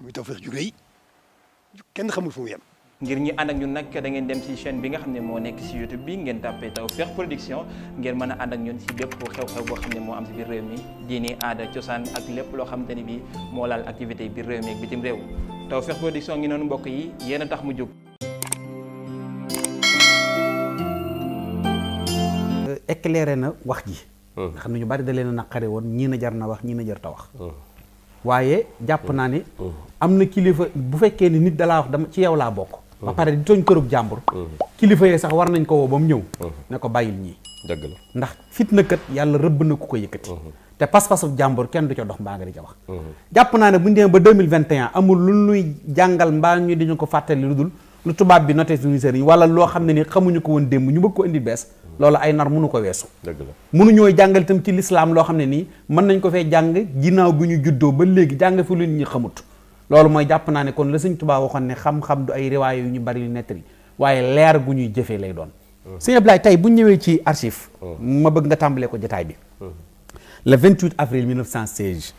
muy Tawfekh ju rëy kenn xamul foofu mu yem. ngir ñi ànd ak ñun nag da ngeen dem ci chaîne bi nga xam ne moo nekk ci YouTube bi ngeen tàppee Tawfekh Production ngeen mën a ànd ak ñun ci bépp xew-xew boo xam ne moo am ci biir réew mi diini aada cosaan ak lépp loo xamante ni bi moo laal activité biir réew mi ak bitim réew Tawfekh Production ngi noonu mbokk yi yéen a tax mu jóg. éclairé na wax ji. xam ne ñu bari da leen a woon ñii na jar na wax ñii na jar ta waaye jàpp naa ne am na kilifa bu fekkee ni nit dalaa wax dama ci yow laa bokk ba pare di tooñ kërub jàmbur kilifa yee sax war nañ ko woo ba mu ñëw ne ko bàyyil ñii dëgg la ndax fitna kat yàlla rëbb na ku ko yëkkati te pas-pasu jàmbur kenn du ca dox mbaa nga di ca wax jàpp naa ne bu ñu demee ba vingt amul lu ñuy jàngal mbaa ñu diñu ko fàttali lu dul lu tubaab bi noté suñu sëriñ wala loo xam ne ni xamuñu ko woon démb ñu bëgg ko indi bees loolu ay nar mënu ko weesu mënu ñoo jàngal itam ci lislaam loo xam ne nii mën nañ ko fee jàng ginnaaw bi ñu juddoo ba léegi jàng fi lu ñu xamut loolu mooy jàpp naa ne kon la sëñ Tuubaa waxoon ne xam-xam du ay riwaay yu ñu bari yu nettali waaye leer gu ñuy jëfee lay doon mm-hmm. sëñ Ablaye tey bu ñëwee ci archive mm-hmm. ma bëgg nga tàmbalee ko jataay bi mm-hmm. le 28 avril 1916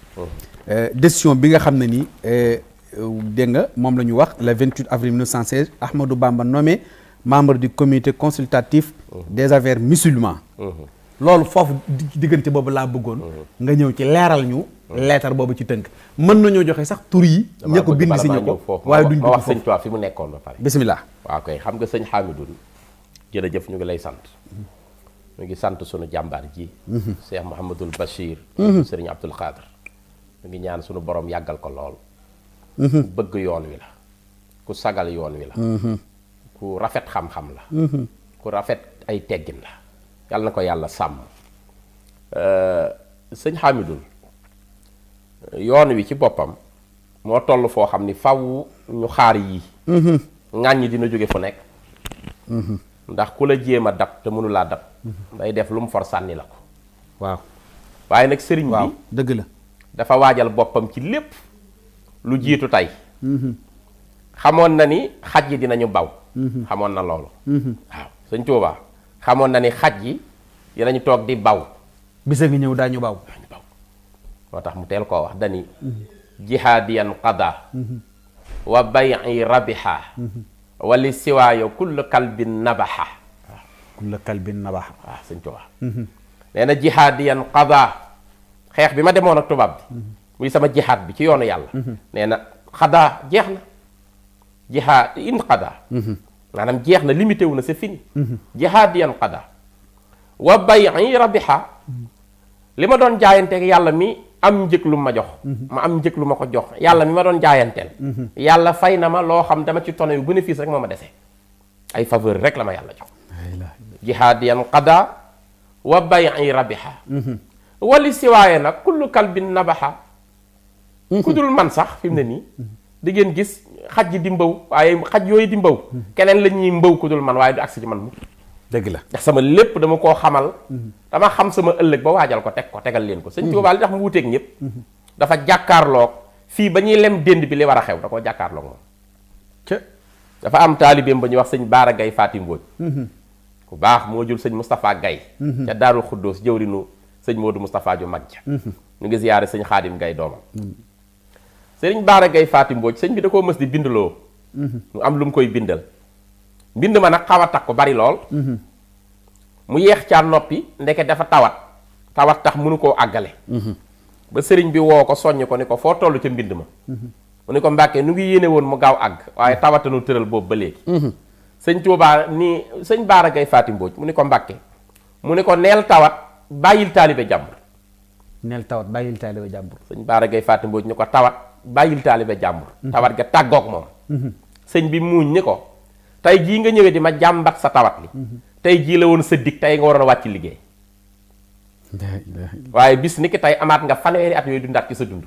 euh, décision bi nga xam ne nii euh, euh, dégg nga moom la ñu wax le 28 avril 1916 Ahmadou Bamba nommé membre du commité consultatif uh-huh. des affaires musulmans uh-huh. loolu foofu diggante boobu laa bëggoon uh-huh. nga ñëw ci leeral ñu leetar boobu ci tënk mën nañoo joxe sax tur yi ña ko bind si ña ko waaye duñ wax sëñ Tuubaa fi mu nekkoon ba pare bisimilah waaw kay xam nga sëñ Xaamidoun jërëjëf ñu ngi lay sant ñu ngi sant sunu jàmbaar ji mm-hmm. Cheikh Mouhamadul Bachir mm-hmm. sëriñ Abdoul Khadr ñu ngi ñaan sunu borom yàggal ko lool mm-hmm. bëgg yoon wi la ku sagal yoon wi la ku rafet xam-xam la mm-hmm. ku rafet ay teggin la yàlla na ko yàlla sàmm euh, sëñ Hamidou yoon wi ci boppam moo toll foo xam ni faw ñu xaar yi ŋàññi mm-hmm. dina jóge fu nekk mm-hmm. ndax ku la jéem a dab te mënulaa dab day def lu mu for sànni la ko waaw waaye nag sëriñ bi dëgg la dafa waajal boppam ci lépp lu jiitu tey xamoon na ni xaj yi dinañu baw Mm-hmm. xamoon na loolu. Mm-hmm. waaw sëñ Tuuba xamoon na ni xaj yi dinañu toog di baw. bisa ngi ñëw daañu baw. daañu baw moo tax mu teel koo wax dani jihaadiyan qada mm-hmm. wa bayi rabiha wali siwaayo kull kalbin nabaxa waaw ah, kull kalbin nabaxa waaw ah, sëñ Tuuba nee na jihaadiyan qada xeex bi ma demoon ak tubaab bi muy sama jihaad bi ci yoonu yàlla nee na xada jeex na jihaad inqada mhm. maanaam jeex na limité wu na c'est fini mhm. jihaad yanqada wa bay'i rabiha li ma doon jaayanteeg yàlla mi am njëg lu ma jox mhm. ma am njëg lu ma ko jox yàlla mi ma doon jaayanteel yàlla fay na ma loo xam dama ci tonne yu bénéfice rek moo ma dese ay faveur rek la ma yàlla jox jihaad yanqada wa bay'i rabiha wali siwaaye nag kullu kalbin nabaxa ku dul man sax fi ne nii di gis xaj ji di mbaw waaye xaj yooyu di mbaw hmm. keneen la ñuy mbaw ku dul man waaye du agsi ci man mu dëgg la ndax sama lépp dama koo xamal hmm. dama xam sama ëllëg ba waajal ko teg ko tegal leen ko hmm. sëñ Tuubaa li tax mu wuteeg ñëpp dafa jàkkaarloog fii ba ñuy lem dénd bi li war a xew da koo jàkkaarloog moom dafa am taalibeem ba ñuy wax sëñ Baara Gay Fatim Mbodj ku baax moo jul sëñ Moustapha Gay ca Daarul Xuddoos jëwrinu sëñ Moodu Moustapha ju mag ja ñu ngi ziyaare sëñ Xaadim Gay sëriñ Baara Gaye Fatim Mbodj sëñ bi da koo mës di bindloo. Mhm. mu am lu mu koy bindal. mbind ma nag xaw a takk ko bari lool. Mhm. mu yeex caa noppi ndeke dafa tawat tawat tax mu nu koo àggale. Mhm. ba sëriñ bi woo ko soññ ko ni ko foo toll ca mbind ma. mu ni ko mbàkkee nu ngi yéene woon mu gaaw àgg waaye tawatanu tëral boobu ba léegi. sëñ Tuubaa ni sëñ Baara Gaye Fatim Mbodj mu ni ko mbàkkee mu ne ko neel tawat bàyyil taalibe jàmbur. neel tawat bàyyil taalibe jàmbur. sëñ Baara Gaye Fatim Mbodj ni ko tawat. bàyyil taalibe jàmbur tawat ga tàggook moom sëñ bi muuñ ni ko tey jii nga ñëwee di ma jàmbat sa tawat li tey jii la woon sa dig tey nga waroon a wàcc liggéey waaye bis ni ki tey amaat nga fanweeri at yooyu dundaat ci sa dund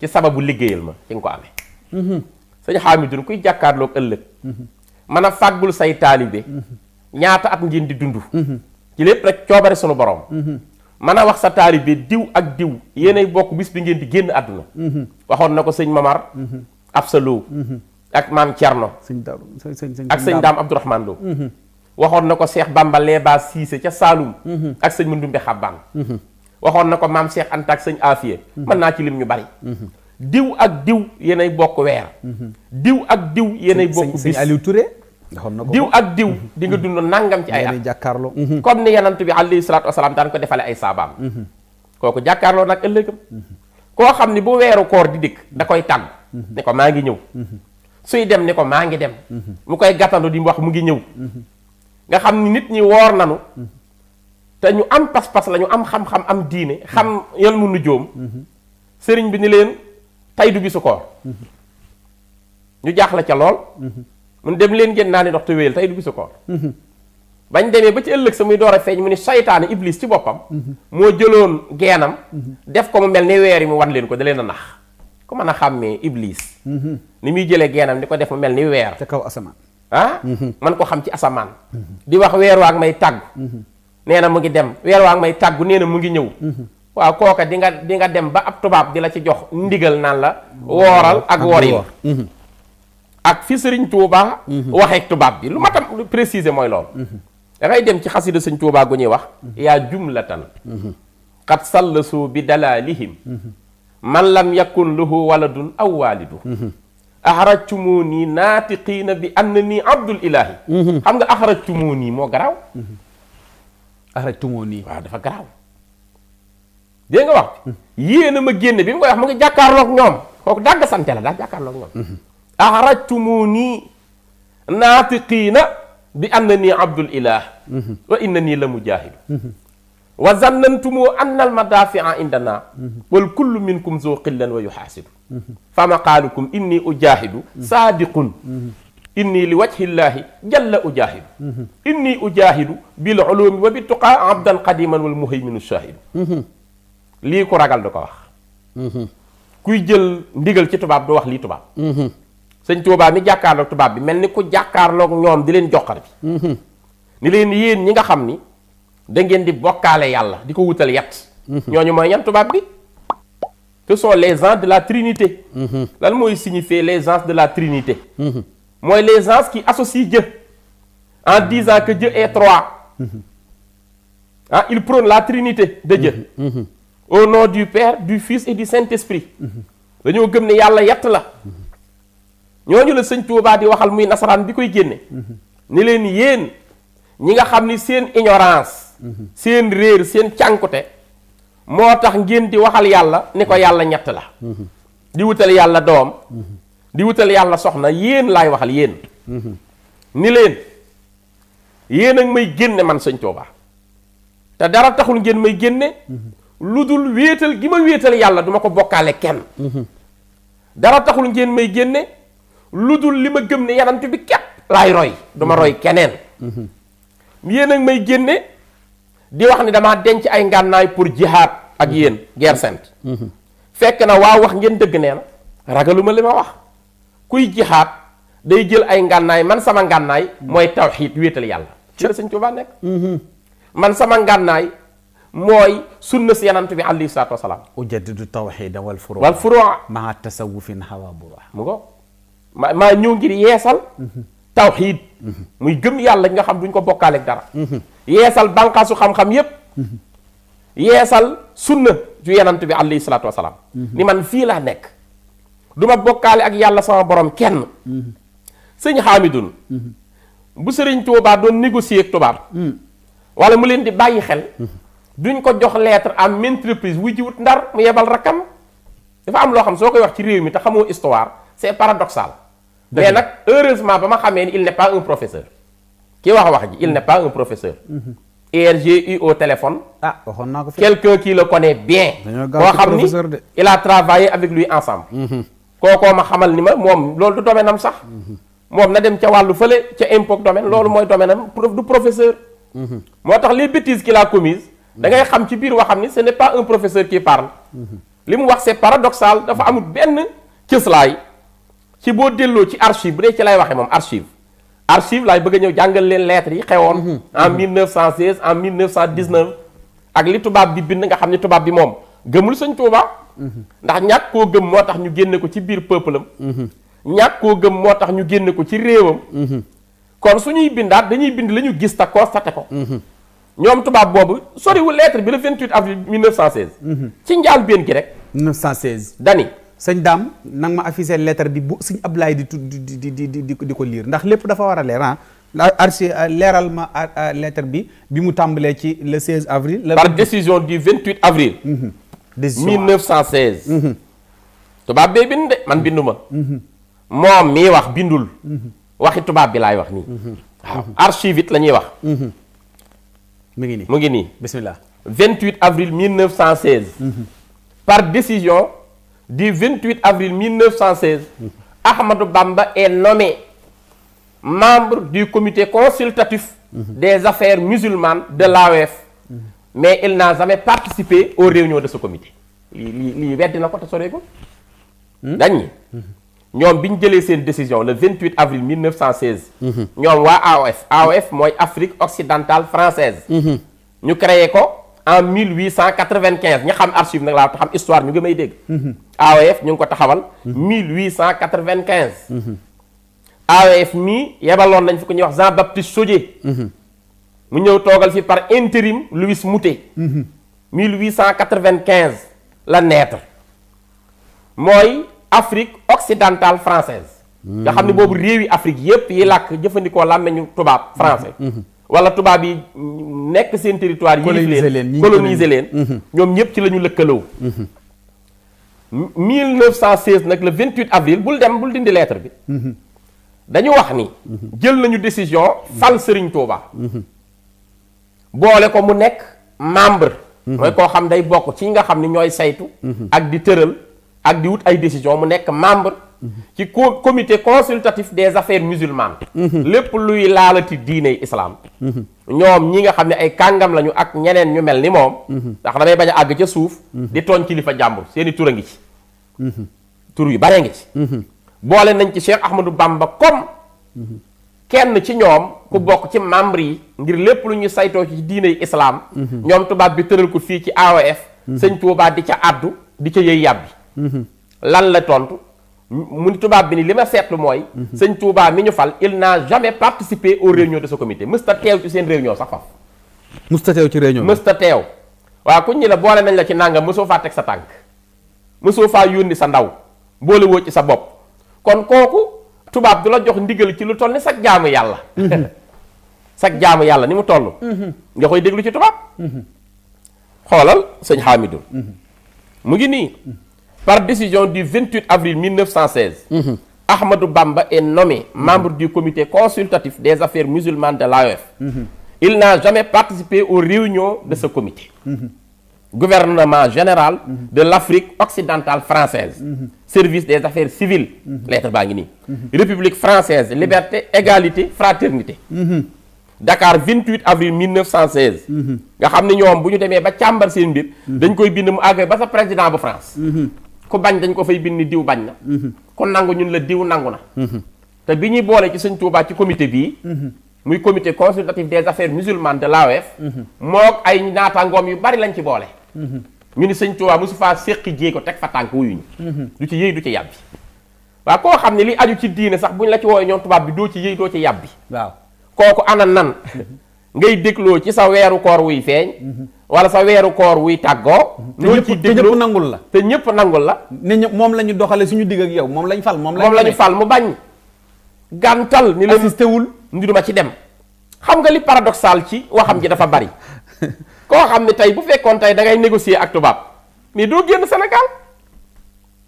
ci sababu liggéeyal ma ci nga ko amee sëñ Xaamidun kuy jàkkaarloog ëllëg mën a fàggul say taalibe ñaata at ngeen di dund ci lépp rek coobare sunu borom mën a wax sa taari taalibe diw ak diw yéenay bokk bis bi ngeen di génn àdduna mhm. waxoon na ko sëñ Mamar mhm. Absa Lo mhm. ak maam Thierno ak sëñ Daam Abdourahmane Lo waxoon na ko Cheikh Bamba baa Siise ca Saalum ak sëñ mu Mandumbe Xabbaan waxoon na ko maam Cheikh Anta ak sëñ Afiye mën naa ci lim ñu bari diw ak diw yéenay bokk weer diw ak diw yéenay bokk bis sëñ diw ak diw mhm. di nga mhm. dund nangam ci ay at jàkkaarloo mhm. comme ni yenant bi alayhi salaatu wasalaam daan ko defale ay saabaam kooku jàkkaarloo nag ëllëgam koo xam ni bu weeru koor di dikk da koy tànn ni ko maa ngi ñëw suy dem ni ko maa ngi dem mu koy gàttandu di wax mu ngi ñëw nga xam ni nit ñi woor nanu te ñu am pas-pas la ñu am xam-xam am diine xam yan mu jóom sëriñ bi ni leen tey du bisu koor ñu jaaxle ca lool mun dem leen jën naa ne ndox te tey du bisu ko bañ demee ba ci ëllëg sa muy door a feeñ mu ni saytaane iblis ci boppam moo jëloon geenam def ko mu mel ni weer yi mu wan leen ko da leen nax ku mën a xàmmee iblis ni muy jëlee geenam di ko def mu mel ni weer ca kaw asamaan ah mhm. man ko xam ci asamaan di wax weer waa ngi may tàggu mhm. nee na mu ngi dem weer waa ngi may tàggu nee na mu ngi ñëw mhm. waaw kooka di nga di nga dem ba ab tubaab di la ci jox ndigal naan la wooral ak wor ak fi sëriñ Touba. Mhm. waxeek tubaab bi lu ma tam préciser mooy loolu. Mhm. da dem ci xasida sañ Touba gu ñuy wax. Mhm. yaa jumlatan. qad sallasu bi dalalihim man lam yakun lahu waladun aw waalidu. axrajtumuuni naatiqiina bi annani abdul ilaahi. xam nga nii moo garaaw. axrajtumuuni waaw dafa garaaw. dégg nga wax. yéen a ma génne bi mu koy wax mu ngi jàkkaarloog ñoom kooku dàgg sante la daal jàkkaarloog ñoom. axrajtumuni naatiqiina bi annani abdul ilah wa innani la mujaahidu wa zannantumu anna al madafia indana wal kullu minkum zu qillan wa yuxaasidu fa maqaalukum inni ujaahidu saadiqun inni li wajhi llahi jalla ujaahidu inni ujaahidu bil ulumi wa bi tuqaa abdan qadiman wal muhayminu shaahidu lii ku ragal da ko wax kuy jël ndigal ci tubaab du wax lii tubaab sëñ Tuubaa mi jàkkaarloog tubaab bi mel ni ku jàkkaarloog ñoom di leen joxar bi mm-hmm. ni leen yéen ñi nga xam ni da ngeen di bokkaale yàlla di ko wutal yat mm-hmm. ñooñu mooy ñan tubaab bi ce sont les gens de la Trinité mm-hmm. lan mooy signifier les gens de la Trinité mooy les gens ki associent jë en disant que Dieu est trois ah ils prônent la Trinité de Dieu au nom du Père du Fils et du Saint-Esprit dañoo gëm ne yàlla yat la ñooñu la sëñ Touba di waxal muy nasaraan bi koy génne ni leen yéen ñi nga xam ni seen ignorance seen réer seen cànkute moo tax ngeen di waxal yàlla ni ko yàlla ñett la di wutal yàlla doom di wutal yàlla soxna yéen laay waxal yéen ni leen yéen ak may génne man sëñ Touba te dara taxul ngeen may génne lu dul wéetal gi ma wéetal yàlla duma ko bokkaale kenn dara taxul ngeen may génne lu dul li ma gëm ne yenant bi képp laay roy du roy keneen yéen ak may génne di wax ni damaa denc ay ngànnaay pour jihad ak yéen guerre sainte fekk na waa wax ngeen dëgg nee na ragaluma li ma wax kuy jihad day jël ay ngànnaay man sama ngànnaay mooy tawxiid wéetal yàlla ci la sëñ Tuubaa nekk man sama ngànnaay mooy sunna si yanant bi alayhi salaatu wasalaam ujaddidu tawxiida wal furuuca maa tasawufin hawa buruuca mu ngo maa maa ñëw ngir yeesal tawxiid muy gëm yàlla nga xam duñ ko bokkaaleeg dara yeesal bànqaasu xam-xam yépp yeesal sunna ju yenant bi alayhi salaatu wasalaam ni man fii laa nekk duma bokkaale ak yàlla sama borom kenn sëñ xaamidun bu sëriñ Tuubaa doon négocier ak tubaab wala mu leen di bàyyi xel duñ ko jox lettre am entreprise wu ji wut ndar mu yebal rakkam dafa am loo xam soo koy wax ci réew mi te xamoo histoire c'est paradoxal mais nag heureusement ba ma xamee ni il n'est pas un professeur ki wax wax ji il n'est pas un professeur hier mhm. j'ai eu au téléphone ah waxoon naa ko fi quelqu'un qui le connaît bien koo xam ni il a travaillé avec lui ensemble mhm. kookoo ma xamal ni ma moom loolu du domaine am sax mhm. moom na dem ca wàllu fële ca impôt domaine loolu mooy domaine am du professeur moo tax les bêtises qu'il la commises dangay xam ci biir waxam ni ce n'est pas un professeur qui parle li mu wax c'est paradoxal dafa amul benn cëslaay ci boo delloo ci archive bu dee ci lay waxee moom archive archive laay bëgg a ñëw jàngal leen lettres yi xewoon mhm. en 1916 mhm. en 1919 ak li tubaab bi bind nga xam ne tubaab bi moom gëmul sëñ Tuuba mhm. ndax ñàkk koo gëm moo tax ñu génne ko ci biir peuple am ñàkk koo gëm moo tax ñu génne ko ci réewam kon suñuy bindaat dañuy bind la ñu gis te constaté ko ñoom tubaab boobu soriwu lettre bi le 28 avril 1916 ci njaal benn gi rek 1916 dani sëñ daam nan ma affiché lettre bi bu sëñ Ablaye di di di di di di ko liir ndax lépp dafa war a leer ah archi euh, leeral ma euh, euh, lettre bi bi mu tàmbalee ci le 16 avril. Le par décision du 28 avril. Mmh. décision 1916. Mm-hmm. tubaab bee bind de man bindu ma. Mm-hmm. moom mii wax bindul. Mm-hmm. waxi tubaab bi laay wax nii. waaw archive it la ñuy wax. mu ngi nii mu ngi nii. bismillah 28 avril 1916. Mmh. par décision. du 28 avril 1916, Ahmadou Bamba est nommé membre du comité consultatif des affaires musulmanes de l'AOF. mais il n'a jamais participé aux réunions de sa comité. lii lii lii weddi ko te soree ko. dañ ñoom bi ñu jëlee seen décision le 28 avril 1916. ñoom waa AOF AOF mooy Afrique occidentale française. Mhm. ñu créé ko. en 1895 ñi xam archive nag laa xam histoire ñu ngi may dégg. AOF ñu ngi ko taxawal. 1895. AOF mii yebaloon nañ fi ko ñuy wax Jean Baptiste Sodié. Mhm. mu ñëw toogal fi par intérim Louis Moutet. 1895 mhm. la naître mooy Afrique occidentale française mhm. nga xam ne boobu réewi Afrique yépp yi làkk jëfandikoo làmmeñu tubaab français. wala tubaab yi nekk seen territoire. coloniser leen coloniser leen mhm. ñoom ñëpp ci la ñu lëkkaloo. 1916 mhm. nag le 28 avril bul dem bul dindi lettre bi. Mhm. dañu wax ni. jël nañu décision fal Serigne Touba. boole ko mu nekk membre. mooy koo xam day bokk ci ñi nga xam ni ñooy saytu. ak di tëral ak di wut ay décision mu nekk membre. ci ko comité consultatif des affaires musulmanes. Mhm. lépp luy laalati diiney islaam mhm. ñoom ñi nga xam ne ay kàngam lañu ak ñeneen ñu mel ni moom. Mhm. ndax damay bañ a àgg ca suuf. di tooñ kilifa jàmbur seeni tur a ngi ci. tur yu bare ngi ci. boole nañ ci Cheikh Ahmadou Bamba comme. kenn ci ñoom ku bokk ci membre yi ngir lépp lu ñu saytoo ci diiney islam. ñoom tubaab bi tëral ko fii ci AOF. sëñ Tuubaa di ca addu di ca yëy yàbbi. lan la tontu. mu ni tubaab bi ni li ma seetlu mooy. Mhm. sañ Touba mi ñu fal il n'a jamais participé aux réunions de ce comité mësta teew ci seen réunion sax faf mësta teew ci réunion mësta teew. waaw kuñ ñi la boole nañ la ci nàngam mësoo faa teg sa tànk mësoo faa yónni sa ndaw boole woo ci sa bopp kon kooku tubaab du la jox ndigal ci lu toll ni sag jaamu yàlla. Mhm. sag jaamu yàlla ni mu toll. Mhm. nga koy déglu ci tubaab. xoolal sëñ Hamidou. mu ngi nii. par décision du 28 avril 1916, mmh. Ahmadou Bamba est nommé membre du comité consultatif des affaires musulmanes de l'AEF. Mhm. Il n'a jamais participé aux réunions de ce comité. Mhm. Gouvernement général mhm. de l'Afrique occidentale française. Service des affaires civiles. lettre baa ngi nii. République française liberté égalité fraternité. Dakar 28 avril 1916. nga xam ne ñoom bu ñu demee ba càmbar seen mbir. dañ koy bind mu àggee ba sa président bu France. ku bañ dañ ko fay bind diw bañ na mhm. ku nangu ñun la diw nangu na mhm. te bi ñuy boole ci sëñ tuubaa ci comité bii mhm. muy comité consultatif de affaires musulmanes de l'AOF moog ay naataangoom yu bari lañ ci boole ñu ni sëñ Touba mosu faa séqi jéego teg fa tànk wuyuñu du ci yëy du ci yàbbi waaw koo xam ne li aju ci diine sax buñ la ci woowee ñoom tubaab bi doo ci yëy doo ci bi waaw kooku ana nan ngay dégloo ci sa weeru koor wuy feeñ wala sa weeru koor wuy tàggoo loolu ci dégloo te ñëpp nangul la te ñëpp nangul la ne ñëpp moom la ñu doxale suñu digg ak yow moom lañu fal moom la ñu fal mu bañ gàntal ni la assisté wul ni duma ci dem xam nga li paradoxal ci waxam ji dafa bari koo xam ne tey bu fekkoon tey dangay ngay négocier ak tubaab mais doo génn Sénégal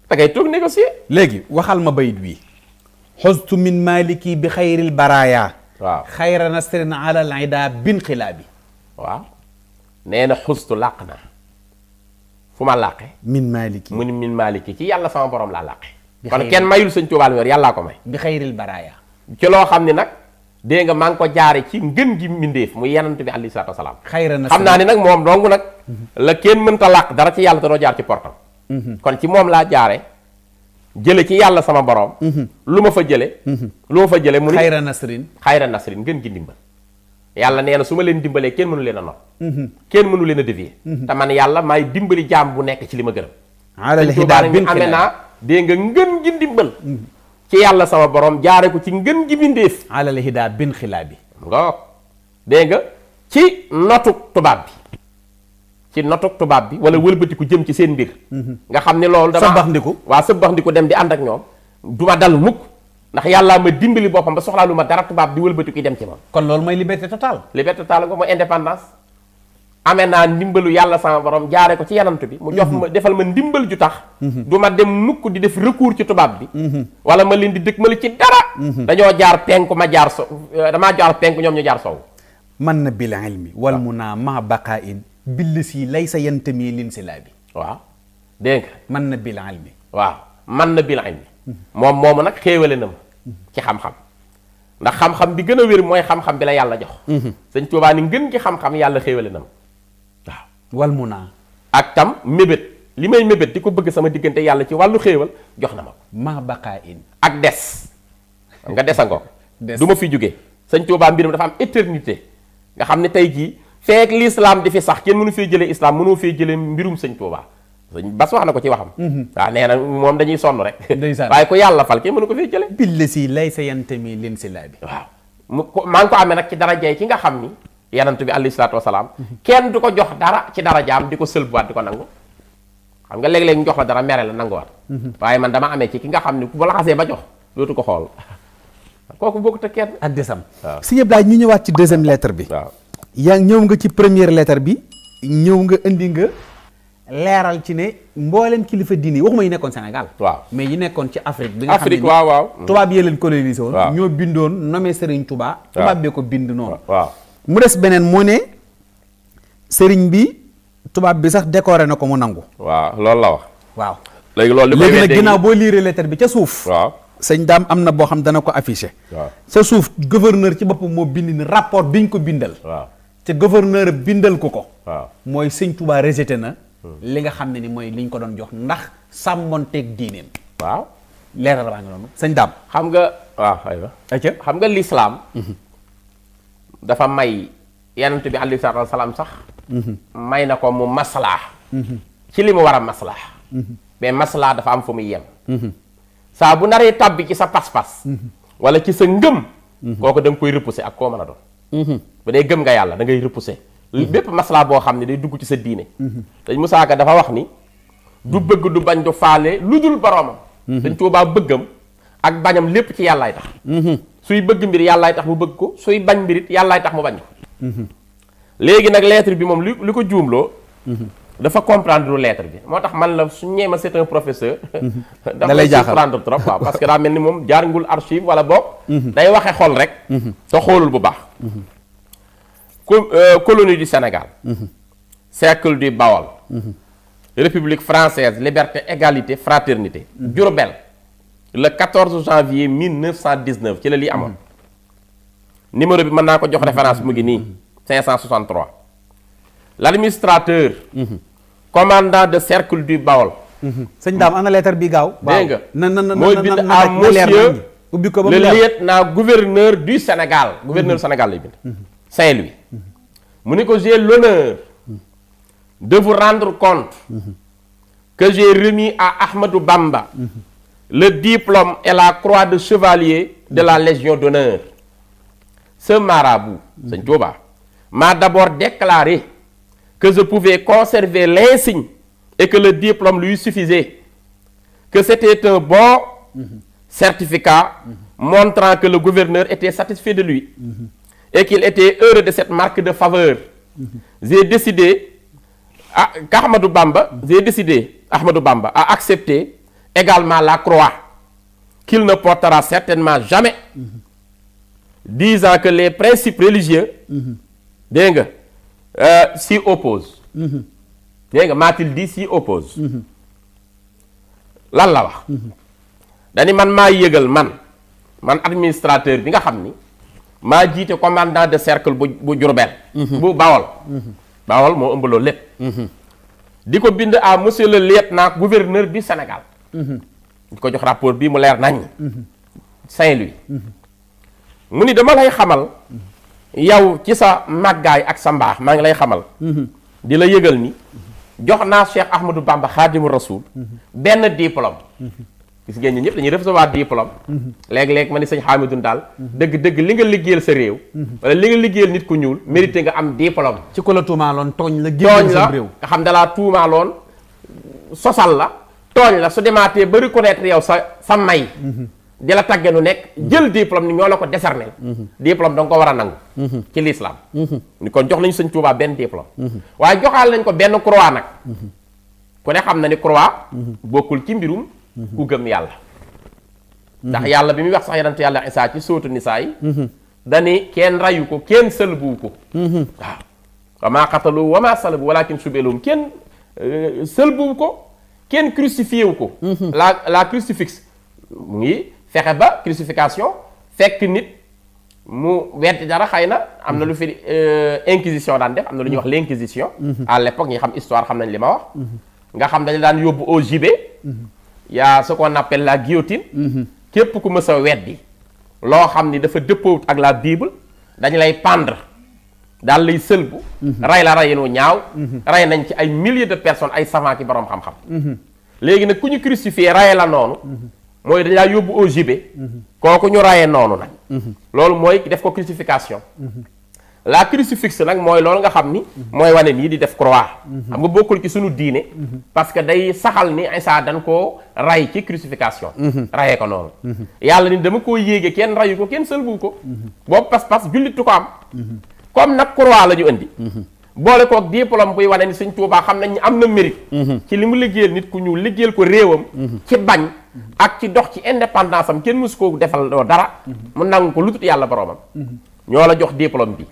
da ngay toog négocier léegi waxal ma bayit wi xostu min maliki bi xayril baraaya waaw xayra nasrin ala al ida binqilaabi waaw nee na xustu làq na fu ma làqe min maaliki mu ni min maaliki ci yàlla sama borom laa làqe kon kenn mayul sëñ Tuubaa lu wér yàllaa ko may bi xayril baraaya ci loo xam ni nag maa ngi ko jaare ci ngën gi mbindéef muy yanante bi alayhi salaatu wasalaam xayra na xam naa ni nag moom dong nag mhm. la kenn mënta làq dara ci yàlla te doo jaar ci portam mhm. kon ci moom laa jaare jële ci yàlla sama borom. Mhm. lu ma fa jële mhm. lu ma fa jële mu ni xayra nasrin xayra nasrin ngeen gi ndimbal yàlla nee na su ma leen dimbalee kenn mënu leen a noon mhm. kenn mënu leen a dévier te man yàlla may dimbali jaam bu nekk ci li ma gërëm alal hidaat bin amee naa dégg nga ngën gi ndimbal ci yàlla sama borom jaare ko ci ngën gi bindeef alal hidaat bin xilaa bi nga dégg nga ci notu tubaab bi ci notuk tubaab bi wala wëlbatiku jëm ci seen mbir mhm. nga xam ne loolu dama sëbbax ndiku waaw sëbbax ndiku dem di ànd ak ñoom du ma dal mukk ndax yàllaa ma dimbali boppam ba soxlaalu ma dara tubaab di wëlbatiku dem ci ma kon loolu mooy liberté totale liberté totale ko mooy indépendance amee naa ndimbalu yàlla sama borom jaare ko ci yanant bi mu jox mhm. ma defal ma ndimbal ju tax mhm. du ma dem mukk di def recours ci tubaab bi wala ma leen di dëkk ma li ci dara dañoo jaar penku ma jaar so eh, damaa jaar penku ñoom ñu jaar sow man na bil ilmi wal mu naa ma baqaa in bill si lay sa yantami lin si laa bi waaw dégg man na bil ilmi waaw man na bil ilmi moom moomu nag xéewale na ma ci xam-xam ndax xam-xam bi gën a wér mooy xam-xam bi la yàlla jox mhm. sëñ Tuubaa ni ngën ci xam-xam yàlla xéewale na ma waaw wal mu naa ak tam mébét li may mébét di ko bëgg sama diggante yàlla ci wàllu xéewal jox na ma ko maa baqaa in ak des nga desangoo du fi jóge sëñ Tuubaa mbiram dafa am éternité nga xam ne tey jii feek lislaam di fi sax kenn mënu fee jëlee islam mënoo fee jëlee mbirum sañ Touba sëñ Bas wax na ko ci waxam. Mhm. waaw nee na moom dañuy sonn rek. waaye ku yàlla fal kenn mënu ko fee jëlee. billa si lay sa yantami leen si laa bi. waaw ko maa ngi ko amee nag ci darajay ki nga xam ni. yanantu bi alayhi salaatu mhm. kenn du ko jox dara ci darajaam di ko sëlbuwaat di ko nangu. xam nga léeg-léeg jox la dara mere la nanguwaat. Mhm. waaye man dama amee ci ki nga xam ni bu la xasee ba jox dootu ko xool kooku bokkut ak kenn. ak desam. waaw si ñëpp daal ñu ñëwaat ci deuxième lettre bi. waaw yaa ñëw nga ci première lettre bi ñëw nga indi nga leeral ci ne mboolem kilifa diine yi waxuma yi nekkoon senegal waaw mais yi nekkoon ci Afrique. bi nga xam ne Afrique waaw mm. tubaab yee leen colonisé woon. ñoo bindoon nommé Serigne Touba. waaw tubaab bind noonu. waaw mu beneen moo ne bi tubaab bi sax décoré na ko mu nangu. waaw loolu la wax. waaw léegi loolu li may léegi nag ginnaaw boo liiree lettre bi ca suuf. waaw sëñ daam am na boo xam dana ko affiché. waaw sa suuf gouverneur ci boppam moo bind ni rapport bi biñ ko bindal. te gouverneur bindal ko ko. mooy sëñ Touba rejeté na. Hmm. li nga xam ne ni mooy liñ ko doon jox ndax sàmmonteeg diineem. waaw leeral baa nga noonu sëñ Dame. xam nga waaw aywa. xam nga lislaam mhm. dafa may yonent bi alayhi salaatu sax. Mhm. may na ko mu maslaa. Mhm. ci li mu war a maslaa. mais maslaa dafa am fu saa bu naree tàbbi ci sa pas-pas. wala ci sa ngëm. kooku da nga koy repousser ak koo mën a doon. Mm-hmm. ba dee gëm nga yàlla da ngay repousser mm-hmm. bépp maslaa boo xam ne day dugg ci sa diine dañ mm-hmm. Musaa Ka dafa wax ni du bëgg du bañ du faale lu dul boroomam dañ Tuubaa bëggam ak bañam lépp ci yàllaay tax suy bëgg mbir yàllaay tax mu bëgg ko suy bañ mbirit yàllaay tax mu bañ ko léegi nag lettre bi moom li li ko juumloo dafa comprendre lettre bi moo tax man la su ñee ma c'est un professeur mhm. da lay jaaxal comprendre trop parce que daa mel ni moom jaarngul archive wala boog mhm. day waxe xol rek mhm. te xoolul bu baax euh, colonie du Sénégal cercle du Bawol république française liberté égalité fraternité Diourbel le 14 janvier 1919 ci la li amoon numéro bi mën naa ko jox référence mu ngi nii 563 l'administrateur commandant de cercle du Baol. Mhm. sëñ Dame ana lettre bi gaaw. dégg nga na na na mooy bind à monsieur ubbi ko ba mu leer le lieutenant gouverneur du Sénégal. Mhm. gouverneur Sénégal lay bind. Mhm. Saint-Louis. mu ni ko j'ai l'honneur de vous rendre compte. que j'ai remis à Ahmadou Bamba. le diplôme et la croix de chevalier de la Légion d'honneur. Ce marabout, Seigneur m'a d'abord déclaré que je pouvais conserver l'insigne et que le diplôme lui suffisait, que c'était un bon mmh. certificat mmh. montrant que le gouverneur était satisfait de lui mmh. et qu'il était heureux de cette marque de faveur. J'ai décidé, ah, qu'Ahmadou Bamba, j'ai décidé, Ahmadou Bamba, a accepté également la croix qu'il ne portera certainement jamais, disant que les principes religieux, mhm. dégg nga Euh, si s'y oppose mhm. dégg nga m'a-t-il dit s'y oppose mhm. lan la wax mhm. dani man maa yëgal man man administrateur bi nga xam ni maa jiite commandant de cercle bu bu Diourbel bu Bawol Bawol moo ëmb loolu lépp di ko bind à monsieur le naa gouverneur du senegal di ko jox rapport bii mu leer nañ Saint-Louis mu ni dama lay xamal yow ci sa màggaay ak sa mbaax maa ngi lay xamal mhm. di la yëgal ni jox naa Cheikh Ahmadou Bamba Khadimu Rasoul mhm. benn diplôme mhm. gis ngeen ñi ñëpp dañuy recevoir diplôme léeg-léeg ma ni sañ Xaamidun daal dëgg-dëgg li nga liggéeyal sa réew wala li nga liggéeyal nit ku ñuul mérité nga am diplôme ci ko la tuumaaloon tooñ la génn sa réew nga xam dalaa tuumaaloon sosal la tooñ la su demaatee ba reconnaître yow sa sa may di la tàgge nu nekk jël diplôme ni ñoo la ko décerné diplôme da nga ko war a nangu ci lislaam ni kon jox nañu sëñ Tuubaa benn diplôme waaye joxaal nañ ko benn croix nag ku ne xam na ni croix bokkul ci mbirum ku gëm yàlla ndax yàlla bi muy wax sax yonent yàlla Isaa ci sóotu nisaa yi dani kenn rayu ko kenn sëlbuu ko waaw wa maa xatalu wa maa salabu walakin subelum kenn euh, sëlbuu ko kenn crucifié wu ko mhm. la la crucifix mu ngi fexe ba crucifixion fekk nit mu weddi dara xay na am na lu fi euh, inquisition daan def am na lu ñuy wax l'inquisition mhm. à l'époque ñi xam histoire xam nañ li ma wax mhm. nga xam dañu daan yóbbu au gibet mhm. yaa ce qu'on appelle la guillotine képp ku mës a weddi loo xam ni dafa dëppoo ak la Bible dañu lay pendre daal lay sëlbu rey la reyinu ñaaw rey nañ ci ay milliers de personnes ay savants ki boroom xam-xam léegi nag ku ñu crucifié rey la noonu mooy dañ laa yóbbu au gibet kooku ñu rayee noonu nag loolu mooy def ko crucifixion la crucifixion nag mooy loolu nga xam ni mooy wane nii di def croix xam nga bokkul ci suñu diine parce que day saxal ni Isaa dañ koo ray ci crucifixion rayee ko noonu yàlla ni dama koo yéegee kenn rayu ko kenn sëlbu ko boobu pas-pas jullitu ko am comme nag croix la ñu indi boole koog diplôme buy wane ni Sëñ Tuubaa xam nañ am na mérite ci li mu liggéeyal nit ku ñu liggéeyal ko réewam ci bañ ak ci dox ci indépendance am kenn mësu koo defal dara mu nangu ko lu dul yàlla boromam ñoo la jox diplôme bi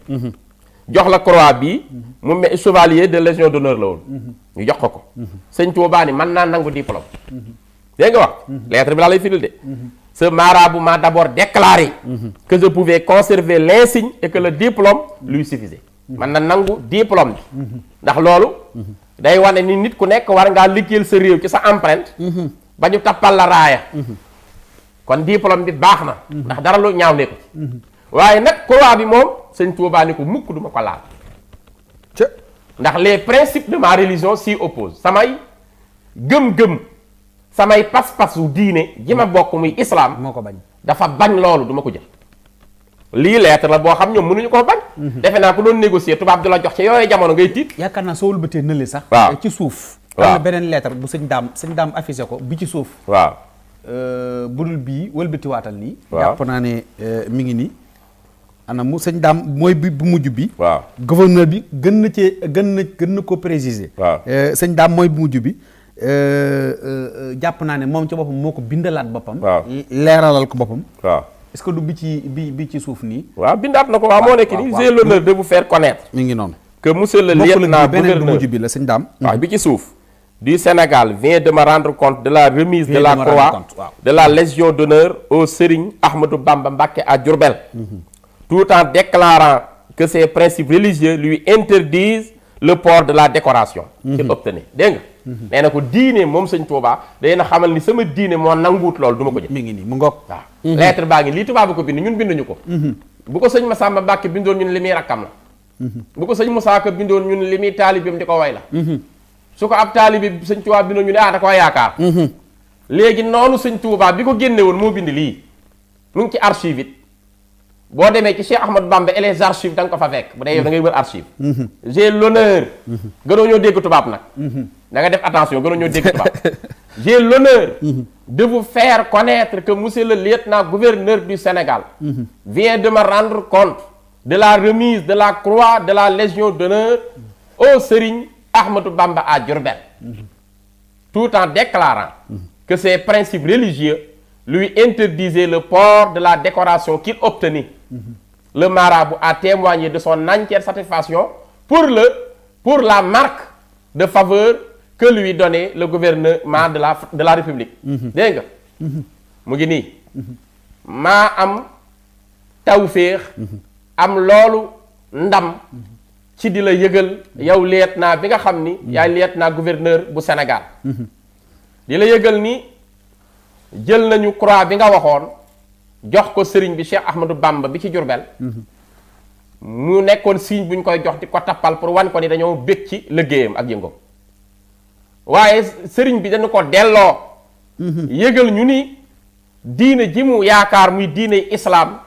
jox la croix bi mu me chevalier de légion d'honneur la woon ñu jox ko ko sëñ Tuubaa ni man naa nangu diplôme dégg nga wax lettre bi laa lay firil de m'a d'abord déclaré que je pouvais conserver l'insigne et que le diplôme lui na nangu diplôme bi ndax loolu day wane ni nit ku nekk war ngaa liggéeyal sa réew ci sa empreinte bañu ñu tappal la raaya mhm. kon diplôme bi baax na mhm. ndax dara lu ñaaw nekku mhm. waaye nag croix bi moom sëñ Tuubaa ni mukk duma ko laal ndax les principes de ma religion si opposent samay gëm-gëm samay pas-pasu diine ji ma bokk muy islam moo ko bañ dafa bañ loolu duma ko jël lii lettre la boo xam ñoom mënuñu koo bañ defe naa ko doon négocier tubaab du la jox ci yooyu jamono ngay tiit yaakaar naa soo wëlbatee nële sax waaw ci suuf am beneen lettre bu sëñ daam sëñ daam affiché ko bi ci suuf waaw euh, budul bii wëlbatiwaatal nii jàpp naa ne euh, mi ngi nii ana mu sëñ daam mooy bi bu mujj bi waaw gouverneur bi gën na cee gën na gën na ko préciser waaw euh, sëñ daam mooy bu mujj bi jàpp naa ne moom ci boppam moo ko bindalaat boppam leeralal ko boppam waaw est-ce que du bi ci bi bi ci suuf nii waaw bindaat na ko waaw moo nekk nii j'ai l'honneur de vous faire connaître mi ngi noonu que monsieur le lieutenant gouverneur beneen bu mujj bi la sëñ daam waaw bi ci suuf du Sénégal vient de me rendre compte de la remise de la croix de la Légion d'honneur au Serigne Ahmadou Bamba Mbacké à Diourbel mm-hmm. tout en déclarant que ses principes religieux lui interdisent le port de la décoration mm-hmm. ci obtenir dégg nga mm-hmm. na ko diine moom sëñ Touba day na xamal ni sama diine moo nanguut lool du ma ko jël mi ngi nii mu ngoog waaw lettre baa ngi lii tubaab bi ko bind ñun binduñu ko bu ko sëñ Massamba Mbacké bindoon ñun li muy rakkam la bu ko sëñ Moussa Ka bindoon ñu li muy taalib bi mu su ko ab taalibi sëñ Tuubaa bindoo ñu ne ah mm-hmm. léegi noonu sëñ Tuubaa bi ko génne woon moo bindi lii mu ngi ci archive it boo demee ci Cheikh Ahmad Bamba et les archives da ko fa fekk bu dee yow da ngay wër archive mm-hmm. j'ai l'honneur mm-hmm. gënoo ñoo dégg tubaab nag da nga def attention gënoo ñoo dégg tubaab j'ai l'honneur de vous faire connaître que monsieur le lieutenant gouverneur du Sénégal vient de me rendre compte de la remise de la croix de la Légion d'honneur au Serigne Ahmadou Bamba à Diourbel tout en déclarant que ses principes religieux lui interdisaient le port de la décoration qu'il obtenait le marabout a témoigné de son entière satisfaction pour le pour la marque de faveur que lui donnait le gouvernement de la de la République dégg nga mu ngi nii maa am tawféex am loolu ndam ci di la yëgal yow leet naa bi nga xam ni mm-hmm. yaay liet naa gouverneur bu Sénégal mm-hmm. di la yëgal ni jël nañu croix bi nga waxoon jox ko sëriñ bi Cheikh Ahmadou Bamba bi ci Jurbel mm-hmm. mu nekkoon signe bu ñu koy jox di ko tappal pour wan ko ni dañoo bég ci liggéeyam ak yëngoom waaye sëriñ bi dañu ko delloo yëgal ñu ni diine ji mu yaakaar muy diine islaam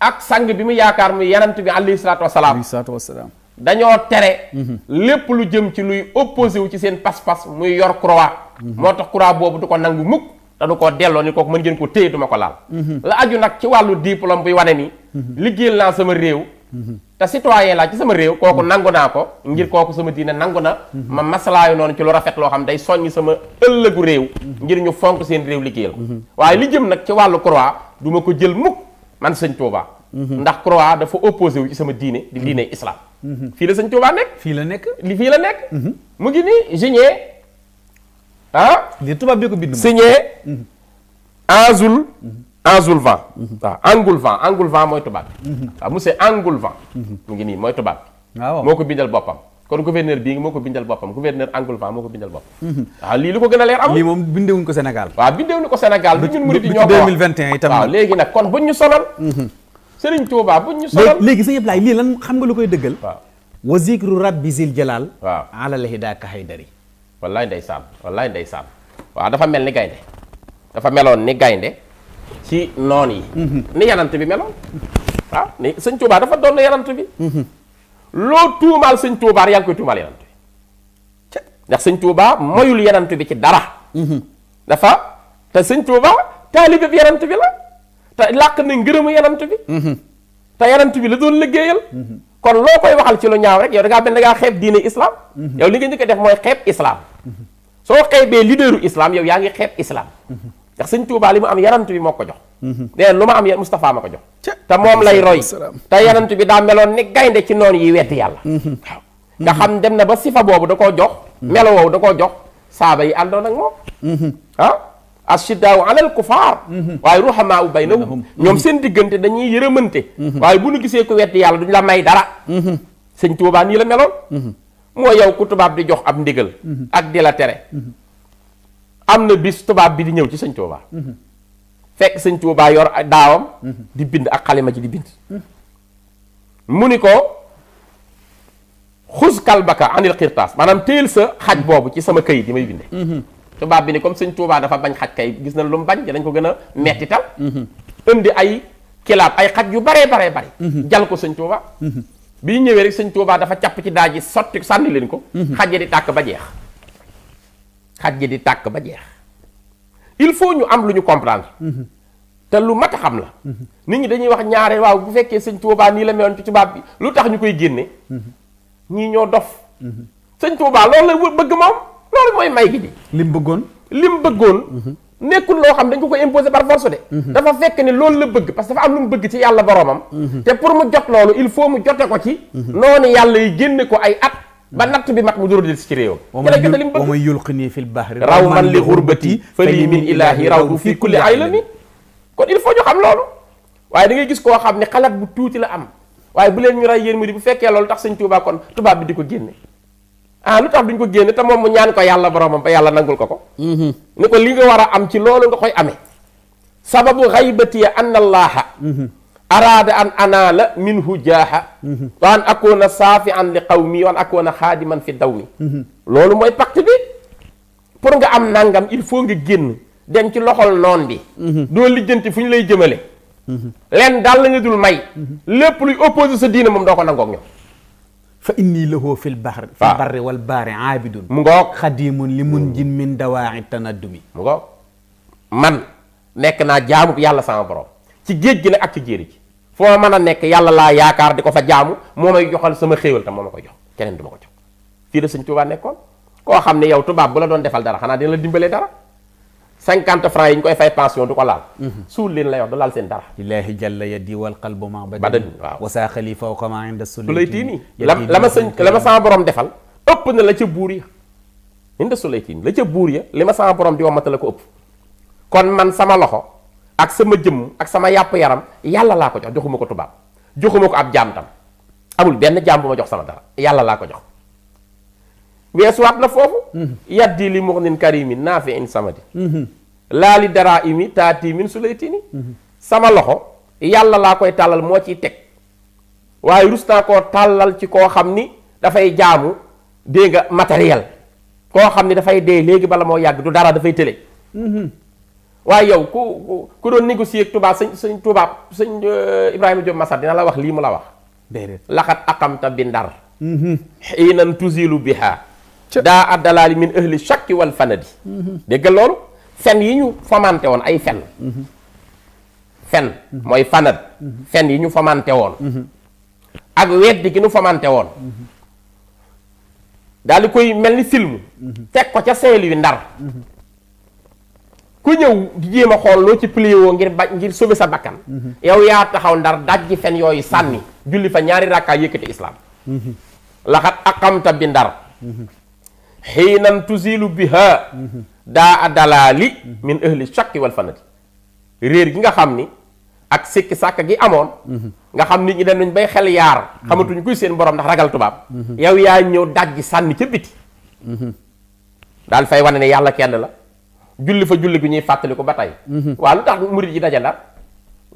ak sang bi mu yaakaar muy yenant bi alayhi salaatu wasalaam dañoo tere mhm. lépp lu jëm ci luy opposé wu ci seen pas-pas muy yor croix mhm. moo tax croix boobu du ko nangu mukk te du ko delloo ni kooku mën ngeen ko téye duma ko laal mhm. la aju nag ci wàllu diplôme buy wane ni liggéeyal naa sama réew te citoyen laa ci sama réew kooku nangu naa ko ngir kooku sama diine nangu na ma masalaayu noonu ci lu rafet loo xam day soññi sama ëllëgu réew ngir ñu fonk seen réew liggéeyal waaye li jëm nag ci wàllu croix duma ko jël mukk man sëñ Tuubaa ndax croix dafa opposé wu ci sama diine di diine islam Mm-hmm. fii la sëñ Tuubaa nekk. fii la nekk li fii la nekk. Mm-hmm. mu ngi nii Génier ah. li tubaab bi ko bind. signé mm-hmm. Azul. Engoulevent. waaw ah, Engoulevent Engoulevent mooy tubaab bi. waaw ah, mooy tubaab bi. Ah, waaw moo ko bindal boppam. kon gouverneur bii moo ko bindal boppam gouverneur Engoulevent moo ko bindal boppam. waaw lii lu ko gën a leer amul. lii moom bindewuñ ko Sénégal. waaw léegi nag kon buñ ñu sonal. Serigne Touba buñ ñu sonal léegi sa Ablaye lii lan xam nga lu koy dëggal waaw wa zikru rabbi zil jalal waaw alalahi daaka haydari wallaay ndeysaan wallaay ndeysaan waaw dafa mel ni gaynde dafa meloon ni gaynde ci noon yi mhm. ni yanant bi meloon waaw ah, ni sëñ Touba dafa doon na yanant bi mhm. loo tuumaal sëñ Touba yaa ngi koy tuumaal yanant bi ndax sëñ Touba moyul yanant bi ci dara mhm. dafa te sëñ Touba taalibe bi bi la te làkk nañ ngërëmu yanant bi mhm. te yanant bi la doon liggéeyal mhm. kon loo koy waxal ci lu ñaaw rek yow da ngaa mel da ngaa xeeb diine islam mhm. yow li nga njëkk a def mooy xeeb islam soo xeebee leaderu islaam yow yaa ngi xeeb islam ndax sëñ Tuubaa li mu am yanant bi moo ko jox neen lu ma am Moustapha ma ko jox te moom lay roy te yanant bi daa meloon ni gaynde ci noonu yi weddi yàlla waaw nga xam dem na ba sifa boobu da koo jox melo woowu da koo jox saaba yi àndoon ashiddaaw alal kufaar mhm. waaye ruhamaa u baynahum ñoom mhm. seen diggante dañuy yërëmante mhm. waaye bu ñu gisee ko weddi yàlla duñ la may dara sëñ Tuubaa nii la meloon moo yow ku tubaab di jox ab ndigal ak di la tere am na bis tubaab bi di ñëw ci sëñ Tuubaa fekk sëñ Tuubaa yor daawam di bind ak xalima ci di bind mu ni ko xus kalbaka anil xirtaas maanaam téel sa xaj boobu ci sama këyit yi may binde tubaab bi ni comme sëñ Tuubaa dafa bañ xaj kay gis na lu bañ dañ ko gën a metti tal mm-hmm. ay kilaab ay xaj yu baree baree bari mm-hmm. jal ko sëñ Tuubaa mm-hmm. bi ñëwee rek sëñ Tuubaa dafa càpp ci daaj ji sotti sànni leen ko xaj yi di tàkk ba jeex xaj yi di tàkk ba jeex il faut ñu am lu ñu comprendre te lu mat a xam la nit ñi dañuy wax ñaare waaw bu fekkee sëñ Tuubaa nii la meloon ci tubaab bi lu tax ñu koy génne ñii ñoo dof sëñ Tuubaa loolu la bëgg moom loolu mooy may gi di lim bëggoon lim bëggoon mhm. nekkul loo xam dañ ko ko imposer par force de mhm. dafa fekk ni loolu la bëgg parce que dafa am lu mu bëgg ci yàlla boroomam mhm. te pour mu jot loolu il faut mu jote ko ci noonu yàlla yi génne ko ay at ba natt bi mat mu dóor del si ci réewam mu bëgg wa man yulqini fil bahri raw man li xurbati fa lii min ilaahi kon il faut ñu xam loolu waaye da ngay gis koo xam ne xalaat bu tuuti la am waaye bu leen ñu rey yéen mu di bu fekkee loolu tax sëñ Tuubaa kon tubaab bi di ko génne ah lu tax duñ ko génne te moom mu ñaan ko yàlla boromam ba yàlla nangul ko ko mm-hmm. ni ko li nga war a am ci loolu nga koy amee sababu xaybatiya ann allaaha mm-hmm. araada an anaala minhu jaaha mm-hmm. wa an akoona saafi an li qawmi wa an akoona xaadiman fi dawmi loolu mooy pacte bi pour nga am nangam il faut nga génn dem ci loxol noon bi doo lijjanti fu ñu lay jëmale leen daal la ñu dul may lépp luy opposé sa diine moom doo ko nangoog ñoom fa inni lahu fil bahri fil barri wal baari aabidun mu ngoog xadimun li mun jin min dawaa'i tanaddumi mu ngoog man nekk naa jaamub yàlla sama borom ci géej gi nag ak ci jéeri ji foo man a nekk yàlla laa yaakaar di ko fa jaamu moo may joxal sama xéewal te moo ma ko jox keneen du ma ko jox fii la sëñ Tuubaa nekkoon koo xam ne yow tubaab bu la doon defal dara xanaa dina la dimbalee dara cinquante francs yi ñu koy fay pension du ko laal suul leen lay wax du laal seen dara ilaahi jalla ya diwal qalbu ma badan waaw wasaa xalifa kama inda su lay tiini la la ma sëñ la ma sama borom defal ëpp na la ca buur ya inda su lay tiini la ca buur ya li ma sama borom di wamata la ko ëpp kon man sama loxo ak sama jëmm ak sama yàpp yaram yàlla laa ko jox joxuma ko tubaab joxuma ko ab jaam tam amul benn jaam bu ma jox sama dara yàlla laa ko jox weesuwaat na foofu mhm. yaddi li muxnin karimin naafi in samadi mhm. laali daraa imi taati min su lay tini mhm. sama loxo yàlla laa koy tàllal moo ciy teg waaye rus naa koo tàllal ci koo xam ni dafay jaamu dénga nga koo xam ni dafay dee léegi bala moo yàgg du dara dafay tële waaye yow ku ku doon négocier ak tubaab sëñ sëñ tubaab sëñ euh, Ibrahima Diop Massar dina la wax lii mu la wax laxat aqamta bi ndar xiinan tuzilu biha daa addalaali min ahli shakki wal fanadi déggal loolu fen yi ñu fomante woon ay fen fen mooy fanad fen yi ñu fomante woon ak weddi gi ñu famante woon daal di koy mel ni film teg ko ca seel yu ndar ku ñëw di jéem a xool loo ci plié woo ngir ba ngir sauver sa bakkan yow yaa taxaw ndar dajji fen yooyu sànni julli fa ñaari rakkaa yëkkati islaam laxat aqamta bi ndar xiinan tusilu biha daa a dalaali min ahli shakki wal fanati réer gi nga xam ni ak sikki sàkk gi amoon nga xam nit ñi dem nañ bay xel yaar xamatuñ kuy seen borom ndax ragal tubaab yow yaa ñëw dajji sànni ca biti daal fay wane ne yàlla kenn la julli fa julli gi ñuy fàttali ko ba tey waaw lu tax murid yi daje ndar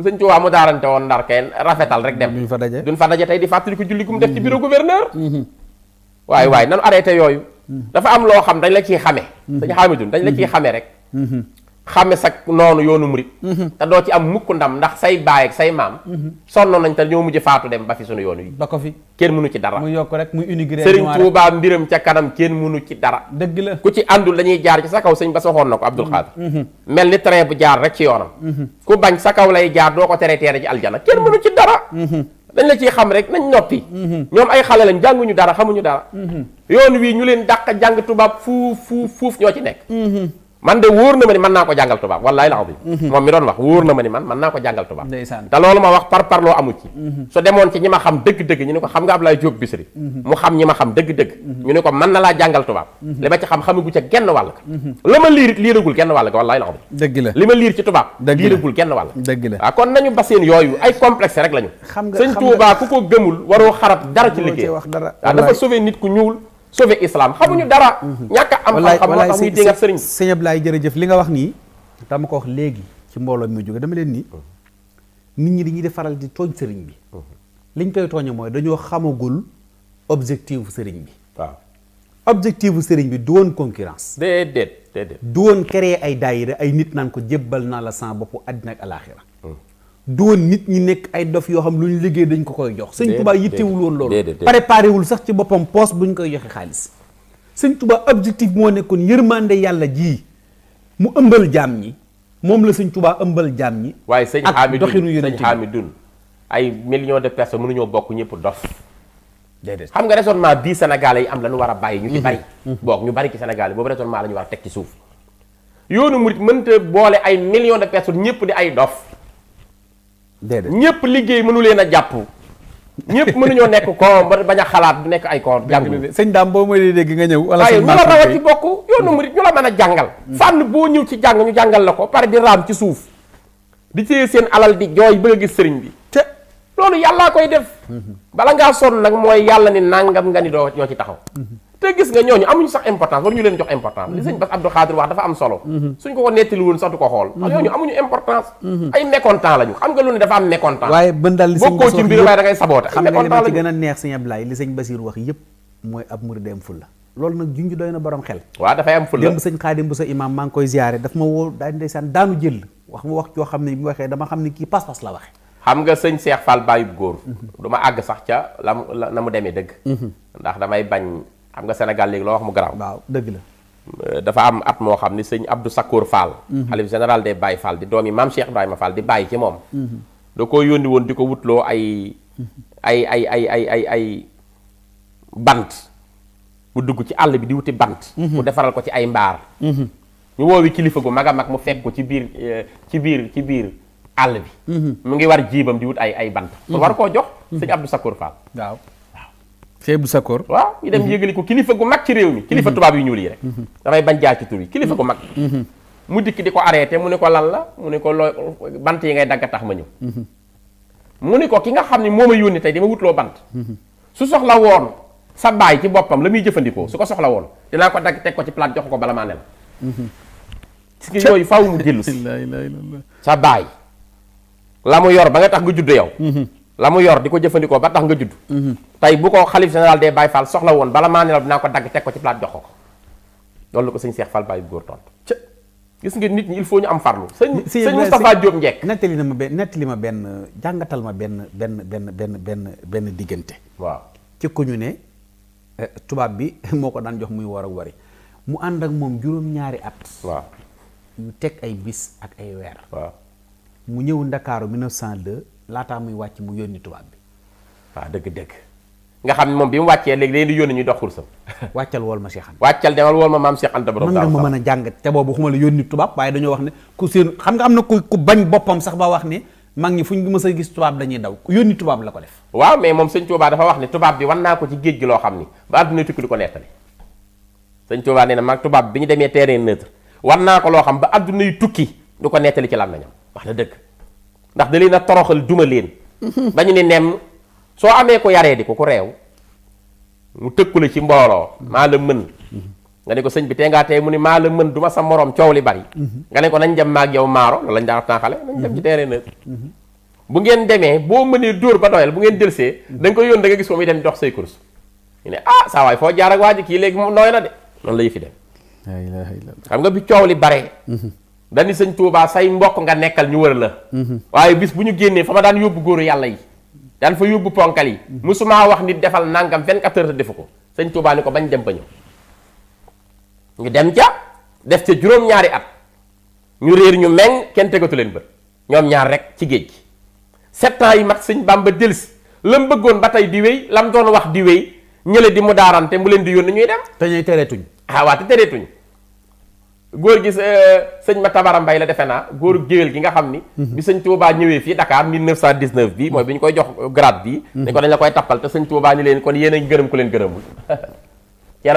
sëñ Tuubaa mu daarante woon ndar kay rafetal rek dem duñ fa daje tey di fàttali ko julli gu mu def ci bureau gouverneur waaye mhm. waaye nanu arrêté yooyu dafa am loo xam dañ la ciy xame mhm. sëñ Hamidou dañ la ciy mhm. xame rek mhm. xame sa noonu yoonu murit te doo ci am mukk ndam ndax say baay ak say maam sonnoon nañ te ñoo mujj faatu dem ba fi sunu yoonu yi ba ko fi kenn mënu ci dara muy rek muy unigré sëriñ Tuubaa mbiram ca kanam kenn munu ci dara dëgg la ku ci àndul dañuy jaar ci sa kaw sëñ ba soxoon na ko Abdul Xaadir mel ni train bu jaar rek ci yoonam ku bañ sa kaw lay jaar doo ko tere teere ci aljana kenn mënu ci dara dañ la ciy xam rek nañ noppi. Mhm. ñoom ay xale lañ jànguñu dara xamuñu dara. Mhm. yoon wii ñu leen dàq jàng tubaab fuuf fuuf fuuf ñoo ci nekk. Mhm. man de wóor na ma ni mën naa ko jàngal tubaab wallaay la bi mhm. moom mi doon wax wóor na ma ni man mën naa ko jàngal tubaab te loolu ma wax par parloo amu ci mhm. su demoon ci ñi ma xam dëgg-dëgg ñu ne ko xam nga Ablaye Diop Bichri mhm. ma xam dëgg-dëgg ñu ne ko mën na laa jàngal tubaab li ma ci xam xamagu ca genn wàll ka la ma liir liiragul genn wàll ka wallaay la dëgg la li ma liir ci tubaab liiragul genn wàll dëgg la waaw ah, kon nañu baseen yooyu ay complexe rek la ñu sëñ Tuubaa ku ko gëmul waroo xarab dara ci liggéey waaw ah, dafa sauvé nit ku ñuul sauver islam xamuñu dara. Mm-hmm. ñàkk am xam-xam moo tax muy dingat sëriñ bi sëñ Ablaye jërëjëf li nga wax nii dama ko wax léegi ci mbooloo mi jóge dama leen nii nit ñi dañuy faral di tooñ sëriñ bi mm-hmm. liñ koy tooñe mooy dañoo xamagul objective sëriñ bi waaw objectif bu sëriñ bi du woon concurrence déedéet déedéet du woon créer ay daayira ay nit naan ko jébbal naa la sans bopp àddina ak alaaxira doon nit ñi nekk ay dof yoo xam lu ñu liggéey dañ ko koy jox sëñ Tuubaa yittewul woon loolu préparé wul sax ci boppam poos bu ñu koy joxe xaalis sëñ Tuubaa objectif moo nekkoon yërmande yàlla jii mu ëmbal jaam ñi moom la sëñ Tuubaa ëmbal jaam ñi waaye sëñ Hamidou sëñ Hamidou ay millions de personnes mënuñoo bokk ñëpp dof déedéet xam nga raisonnement bii Sénégalais yi am la ñu war bàyyi ñu ci mhm. bari mhm. boog ñu bari ci Sénégal yi boobu raisonnement la ñu war a teg ci suuf yoonu murit mënta boole ay millions de personnes ñëpp di ay dof déedéet ñëpp liggéey mënu leen a jàpp. ñëpp mënuñoo nekk koom ba bañ a xalaat bu nekk ay koom jàngu sëñ daam boo may dégg nga ñëw wala waaye ñu la rawa ci bokk yoonu murit ñu la mën a jàngal mm. fànn boo ñëw ci jàng ñu jàngal la ko pare di raam ci suuf di téye seen alal di jooy bëgg a gis sëriñ bi te loolu yàllaa koy def mm-hmm. bala ngaa sonn nag mooy yàlla ni nàngam nga ni doo ñoo ci taxaw mm-hmm. te gis nga ñooñu amuñu sax importance waruñu leen jox importance li mhm. sëñ Bass Abdou Khadre wax dafa am solo mhm. suñ ko ko nettali woon sax du ko mhm. ne a neex sëñ Ablaye li sëñ mooy ab murid am fulla loolu nag junj doy na boroom xel waa dafay am fulla démb maa ngi koy ziare daf ma woo daa ndeysaan daanu jël wax ma wax joo xam ne bi mu waxee dama xam ne kii pas-pas la waxe xam nga sëñ Seex Fall bàyyub góor du ma àgg sax ca la na mu demee dëgg ndax damay bañ xam nga senegal léegi loo wax mu garaaw. waaw dëgg la. Euh, dafa am at moo xam ni sëñ abdu Sakkour Fall. Mhm. xalif général des bàyyi Fall di doom yi maam Cheikh ma Fall di bàyyi ci moom. Mhm. da koo yónni woon di ko wutloo ay. ay ay ay ay ay ay bant. mu dugg ci àll bi di wuti bant. Mhm. mu defaral ko ci ay mbaar. ñu woowi kilifa gu mag a mu fekk ko ci biir euh, ci biir ci biir àll bi. mu ngi war jiibam di wut ay bant. pour war koo jox sëñ Abdou Sakkour Fall. Cheikh bu Sakor waaw ñu dem mhm. yégale ko kilifa gu mag ci réew mi kilifa mhm. tubaab yu ñuul yi rek mhm. damay bañ jaar ci tur yi kilifa gu mag mu dikk di ko arrêté mu ne ko lan la mu ne ko loo bant yi ngay dagg tax ma ñëw mu ne ko ki nga xam ne moo ma yónni tey dama wutloo bant su soxla woon sa baay ci boppam la muy jëfandikoo su ko soxla woon dinaa ko dagg teg ko ci plate jox ko bala maa ne la si ki yooyu faw mu dellu si sa baay la mu yor ba nga tax nga judd yow la mu yor di ko jëfandikoo ba tax nga judd mhm. tey bu ko xalif général des Baye Fall soxla woon bala ma ne la dinaa ko dagg teg ko ci palaat jox ko loolu la ko sëñ Cheikh Fall Baye góor tont gis ngeen nit ñi il faut ñu am farlu sëñ sëñ Moustapha Diop njekk nettali na ma benn ma benn jàngatal ma benn benn benn benn benn benn diggante waaw ci ku ñu ne eh, tubaab bi moo ko daan jox muy war a wari mu ànd ak moom juróom-ñaari at waaw ñu teg ay bis ak ay weer mu ñëw Ndakaaru 1902 laataa muy wàcc mu yónni tubaab bi. waaw dëgg-dëgg. nga xam ne moom bi mu wàccee léegi léegi yoon yónni ñu dox kursam. wàccal wool ma Cheikh Anta. wàccal demal wool ma maam Cheikh Anta borom. daal mën a jàngat te boobu xuma la yónni tubaab waaye dañoo wax ne ku seen xam nga am na ku ku bañ boppam ba wax ne mag ñi fu ñu a gis tubaab dañuy daw yónni tubaab la ko def. waaw mais moom sëñ Tuubaa dafa wax ne tubaab bi wan naa ko ci géej gi loo xam ni ba àdduna tukki du ko nettali sëñ Tuubaa nee na mag tubaab bi ñu demee teere neutre wan naa ko loo xam ba àdduna yu tukki du ko nettali ci làmmiñam wax na dëgg ndax da na a toroxal duma leen. ba ñu ne nem soo amee ko yaree di ko ku réew mu tëkku ci mbooloo mm-hmm. maa la mën. Mm-hmm. nga ne ko sëñ bi tey ngaa tey mu ne maa la mën du ma sa moroom coow li bari. Mm-hmm. nga ne ko nañ dem maag yow maaro loolu lañ daan wax xale nañ dem ci terrain neutre. bu ngeen demee boo mënee dóor ba doyal bu ngeen delsee da nga koy yónn da nga gis moom yi dem dox say course ñu ne ah saa waay foo jaar ak waa ji kii léegi moom nooy na de noonu la ñu fi dem. xam nga bi coow li bare. dani sëñ Touba say mbokk nga nekkal ñu wër la mhm. waaye bis bu ñu génnee fa ma daan yóbbu góor yàlla yi daan fa yóbbu ponkal yi mhm. musuma wax nit defal nangam 24 heures te defu ko sëñ Touba ni ko bañ dem ba ñëw ñu dem ja def ca juróom-ñaari at ñu réer ñu meñ kenn tegatu leen bët ñoom ñaar rek ci géej gi sept ans yi mat sëñ Bamba delsi lam bëggoon ba tey di wéy lam doon wax di wéy ñële di mu daarante mu leen di yónni ñuy dem te ñuy tereetuñ ah waa te góor gi euh, sëñ ma tabara mbay la defe naa góor géwél gi nga xam ni mhm. bi sëñ Touba ñëwee fii Dakar 1919 bi mooy bi ñu koy jox grade bi dañ mhm. ko dañ la koy tappal te sëñ Touba ni leen kon yéen a ngi gërëm ku leen gërëmul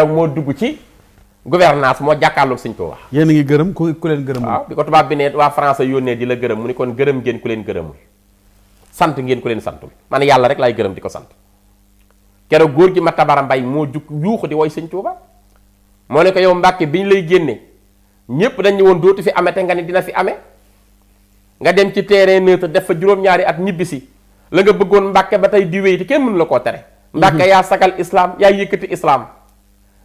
moo dugg ci gouvernance moo jàkkaarloog sëñ Touba yéen a ngi gërëm ku ku leen gërëmul waaw bi ko waa français yónnee di la gërëm mu ni kon gërëm leen gërëmul sant ngeen ku leen santul man yàlla rek laay gërëm di ko sant keroog góor gi ma tabara mbay moo jug yuuxu di woy sëñ Touba moo ne ko yow Mbàkke bi ñu lay génnee ñëpp dañu woon dootu fi amee te nga ni dina fi amee nga dem ci terrain neutre def fa juróom-ñaari at ñibbisi la nga bëggoon mbàkke ba tey di wéy te kenn mënu la koo tere. Mhm. mbàkke yaa sagal islam yaa yëkkati islam.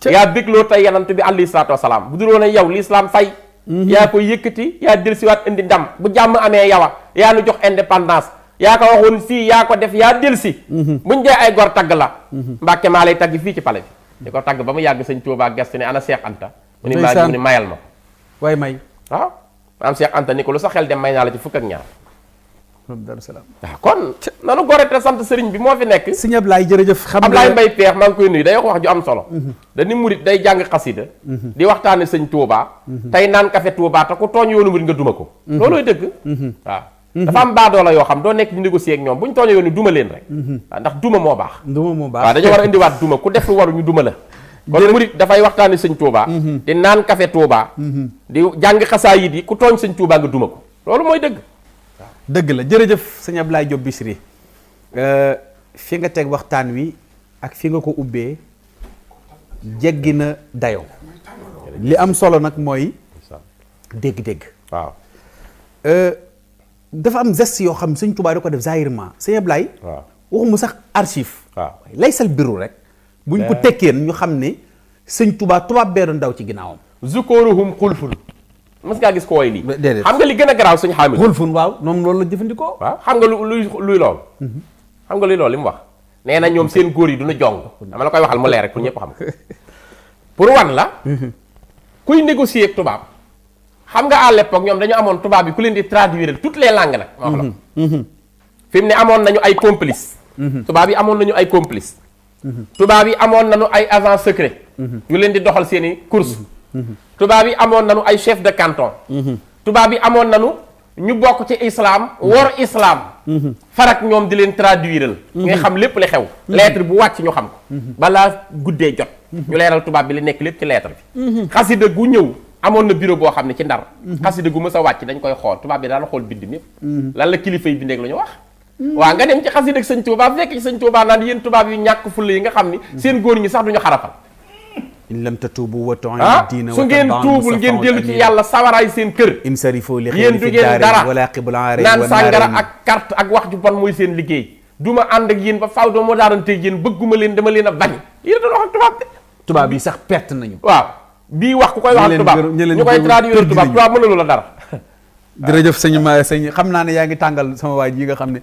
yaa bégloo tey yanantu bi alayhi salaatu wasalaam bu dul woon yow li islam fay. Mhm. yaa ko yëkkati yaa delsiwaat indi ndam bu jàmm amee yawa yaa nu jox indépendance yaa ko waxoon fii yaa ko def yaa delsi. Mhm. buñ dee ay gor tagg la. mbàkke maa lay tagg fii ci pale di ko tagg ba mu yàgg sëñ Tuubaa gëstu ne ana Seex Anta. mu ni maa way may waaw ah, maam Cheikh Anta ko lu sa xel dem may naa la ci fukk ak ñaar waaw ah, kon nanu gore te sant sëriñ bi moo fi nekk si sëñ Ablaye jërëjëf xam nga Ablaye Mbaye Peex maa ngi koy nuyu day wax wax ju am solo mhm. dañu murit day jàng xasida mhm. di waxtaane sëñ Touba. Mhm. tey naan kafe Touba te ku tooñ yoonu murit nga duma ko loolooy dëgg waaw ah. dafa am baadoo yoo xam doo nekk di négocier ak ñoom bu ñu tooñee yoonu duma leen rek ndax duma moo baax duma moo baax waaw dañoo war a indiwaat ku def lu waru duma la kon murit dafay waxtaane sëñ Touba. Mhm. di naan café Touba. Mhm. di jàng xasaayid yi ku tooñ sëñ Touba nga duma ko loolu mooy dëgg. dëgg la jërëjëf sëñ Abdoulaye Diop euh, fi nga teg waxtaan wi ak fi nga ko ubbee jeggi na dayoo li am solo nag mooy dégg-dégg. waaw euh, dafa am geste yoo xam sëñ Touba da ko def zaahirement sëñ Abdoulaye. waaw waxuma sax archive. lay sal biru rek. bu buñ ko tekkeen ñu xam ni sëñ tubaa tubaab bee doon daw ci ginnaawam zukooruhum xulfun mas ngaa gis ko woy lii déedéet xam nga li gën a garaaw suñ xaamil xulfun waaw moom loolu la jëfandikoo waaw xam nga lu luy lool mm-hmm. xam nga luy lool li mu wax nee na ñoom seen góor yi du duna jong dama la koy waxal mu leer rek pour ñëpp xam ko pour wan la mm-hmm. kuy négocier ak tubaab xam nga à l'époque ñoom dañu amoon tubaab yi ku leen di traduire tout les langues nag wax la mm-hmm. mu ne amoon nañu ay complice tubaab yi amoon nañu ay complice tubaab yi amoon na nañu ay agent secret yu leen di doxal seeni i tubaab yi amoon nañu ay chef de canton tubaab yi amoon nañu ñu bokk ci islam wor islam farak ñoom di leen traduiral ngay xam lépp li xew lettre bu wàcc ñu xam ko balaa guddee jot ñu leeral tubaab bi li nekk lépp ci lettre bi xasida gu ñëw amoon na biro boo xam ne ci ndar xasida gu mës a wàcc dañ koy xool tubaab bi daan xool bind mi lan la kilifa yi bindeeg lu ñu wax Mm. waaw nga dem ci xasida ak sëñ Touba fekk ci sëñ Touba naan yéen tubaab yu ñàkk fulla yi nga xam ni mm. seen góor ñi sax duñu xarafal in lam tatuubu wa tu'inu ah, diina su ngeen tuubul ngeen dellu yàlla sawaraay seen kër insarifoo li yéen du ngeen dara wala qibla naan sàngara ak carte ak wax ju bon mooy seen liggéey duma ànd ak yéen ba faaw dama moo daaranteeg yéen bëgguma leen dama leen a bañ tubaab yi sax perte nañu waaw bii wax ku koy wax ak tubaab ñu koy traduire tubaab tubaab mënalu dara jërëjëf sëñ ma sëñ xam naa ne yaa ngi tàngal sama waay yi nga xam ne